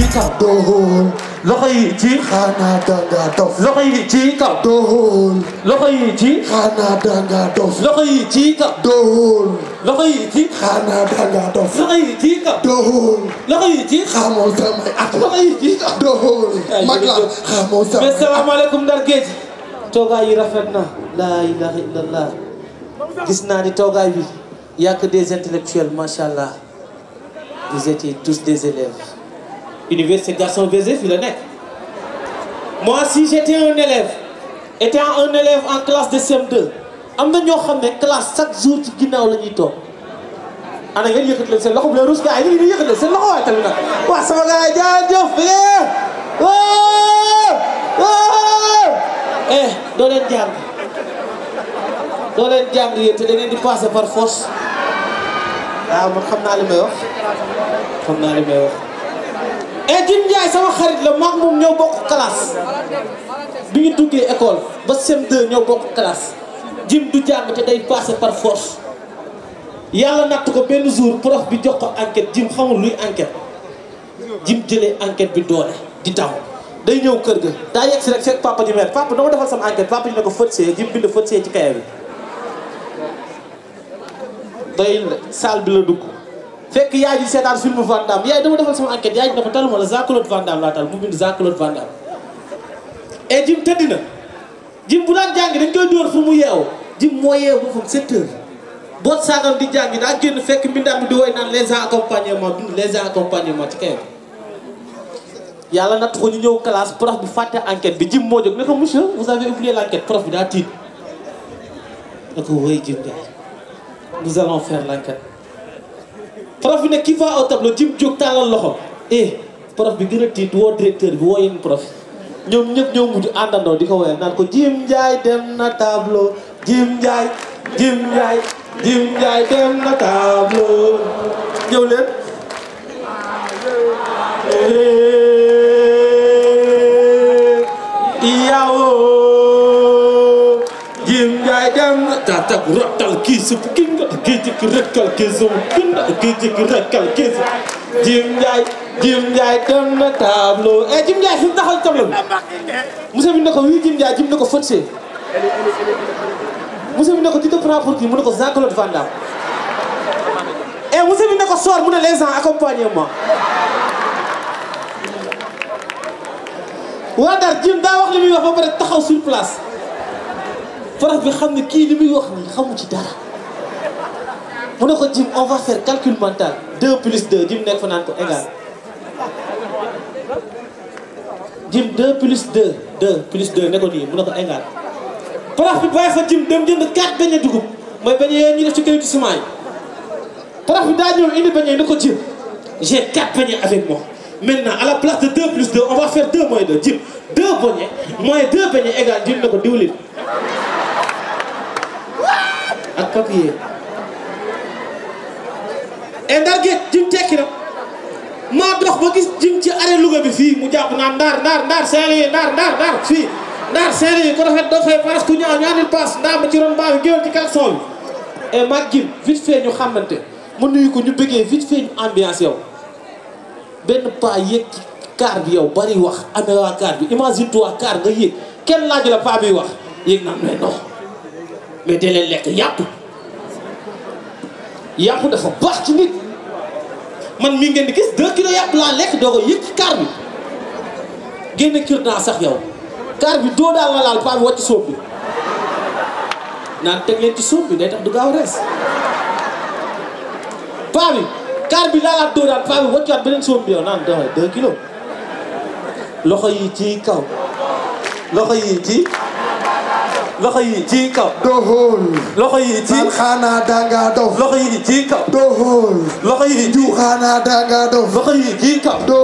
ci kaw doxoon loxo yi ci xanaa danga dof loxo yi ci kaw doxoon loxo yi ci xanaa danga dof loxo yi ci kaw doxoon loxo yi ci xanaa danga dof loxo yi ci kaw doxoon loxo yi ci xamoo samay at loxo yi ci kaw doxoon mag la xamoo samay at salaamaaleykum Ndar Géej toogaay yi rafet na laa ilaha illallah gis naa ni toogaay bi yàq des intellectuels macha allah vous étiez tous des élèves université Gaston Berger fi la nekk moi si j'étais un élève étant un élève en classe de cm am na ñoo xam ne classe chaque jour ci ginnaaw la ñuy toog na ngeen yëkkat leen seen loxo bu leen rus gars yi ñu yëkkat leen seen loxo waaye tamit nag waaw sama gars yi jaajëf eh doo leen jàng doo leen jàng yéen te da ngeen di passer par force waaw ah, man xam naa li may wax xam naa li may wax et eh, Doudou Ndiaye sama xarit la maag moom ñëw bokk classe bi ñu duggee école ba CM2 ñoo bokk classe jim du jàng te day passé par force yàlla natt ko benn jour prof bi jox ko enquête jim xamul luy enquête jim jëlee enquete bi doole di daw day ñëw kër ga daa yegg si rek fekk papa ji mer papa dama defal sama enquête papa ji ne ko fëtsee jim bind fëtsee ci kaye bi doy saal bi la dugg fekk yaay ji seetaan film Van Damme yaay dama defal sama enquête yaay ji ne ko la Jean Claude Van laa tal mu bind Jean Claude Van Damme jim tëdd jim bu daan jàngi dañ fu mu yeewu jim moo yeewu boppam sept heures boot saagam di jàngi daa génn fekk mbindam bi di woy naan les accompagnements dund les accompagnements ci kayam yàlla natt ko ñu ñëw classe prof bu fàtte enquête bi jim moo jóg ne ko monsieur vous avez oublié l'enquête prof bi daa tiit ne ko woy jim daal nous allons faire l'enquête prof bi ne qui va au tableau jim jóg tàllal loxo eh prof bi gën a tiit woo directeur bi woo yenn prof ñoom ñëpp ñoo mujj àndandoo di ko woyal naan ko jim njaay dem na tableau jim njaay jim kii jékki-jékki rëkkal keesum kenn jékki-jékki rëkkal keesum. Jim Ndiaye Jim Ndiaye dem na tableau eh, Jim Ndiaye fi mu taxal tableau bi monsieur bi ne ko oui Jim Ndiaye Jim ne ko fëtse. monsieur bi ne ko tu te prends pour mu ne ko Jean-Claude Van Damme. eh monsieur bi ne ko sor mu ne les gens accompagnez-moi. waa Ndar Jim daa wax li muy wax ba pare taxaw sur place prof bi xam ne kii li muy wax nii xamu ci dara. mu ne ko Jim on va faire calcul mental 2 plus 2 Jim nekk fa naan ko égal Jim 2 plus 2 2 plus 2 ne ko nii mu ne ko égal parax bi fa Jim dem jënd 4 beñe dugub mooy beñe yooyu ñuy def ci kayitu ciment yi parax bi daa ñëw indi beñe ne ko Jim j'ai 4 beñe avec moi maintenant à la place de 2 plus 2 on va faire 2 moins Jim 2 beñe moins 2 beñe égal Jim ne ko diwlin ak papier. e ndar géej jim tekki na maa dox ba gis jim ci arrêt Louga bi fii mu jàpp naa ndaar ndaar ndaar Saint-Louis ndaar ndaar ndaar fii ndaar Saint-Louis ko rafet doo fay paas ku ñaaw ñaanil paas ndaar ma ci ron baa bi géwél ci kalson bi e mag jim vite fait ñu xamante mu nuyu ko ñu bëggee vite fait ñu ambiance yow benn paa yéeg ci car bi yow bari wax amee waa car bi imagine toi car nga yéeg kenn laaju la paa biy wax yéeg naan mais non mais da leen lekk yàpp yàpp dafa baax ci nit man mii ngeen di gis 2 kilos yàpp laa lekk doo ko yëkk kaar bi génne kër naa sax yow kaar bi doo daal la laal paa bi wàcc sóob bi naan teg leen ci sóob bi day tax du gaaw rees paa bi kaar bi laa doo daal paa bi wàccuwaat beneen sóob bi yow naan doxe 2 kilos loxo yi ci kaw loxo yi ci loxo yi ci kaw. doxool. loxo yi ci. naan xaanaa dangaa dof. yi ci kaw. doxool. loxo yi ci. juuxaanaa dangaa yi